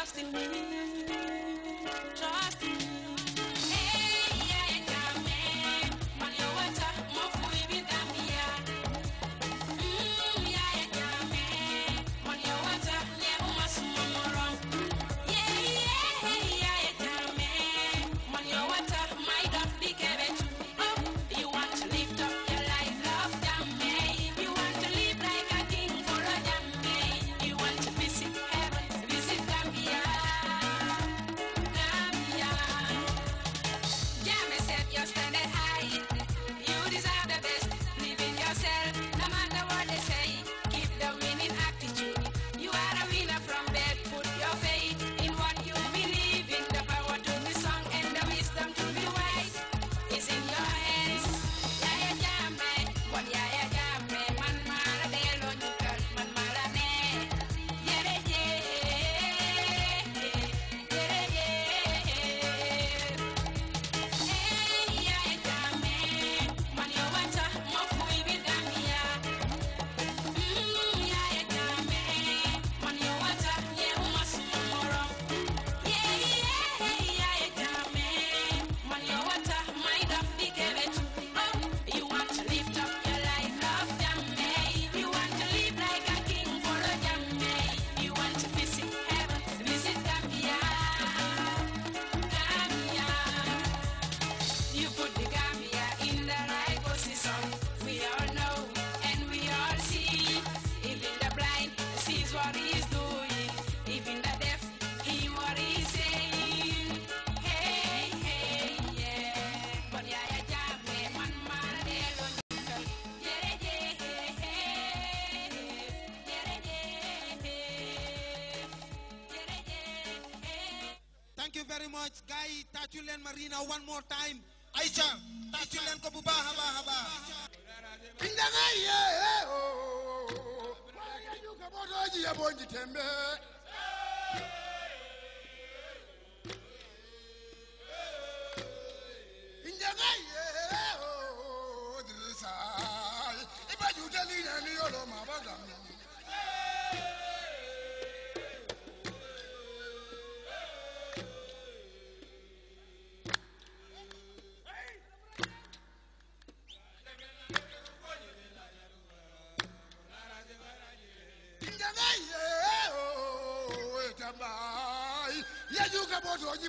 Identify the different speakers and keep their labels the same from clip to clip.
Speaker 1: Trust in me. Trust in me.
Speaker 2: very much guy. yi Marina one more time Aïcha tàccu leen ko bu baax a baax a baax kindanga ye o waga juka botoji yabonji tembe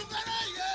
Speaker 2: Superman!